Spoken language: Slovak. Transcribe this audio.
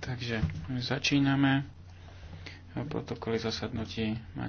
Takže začíname. Protokoly zasadnutí máte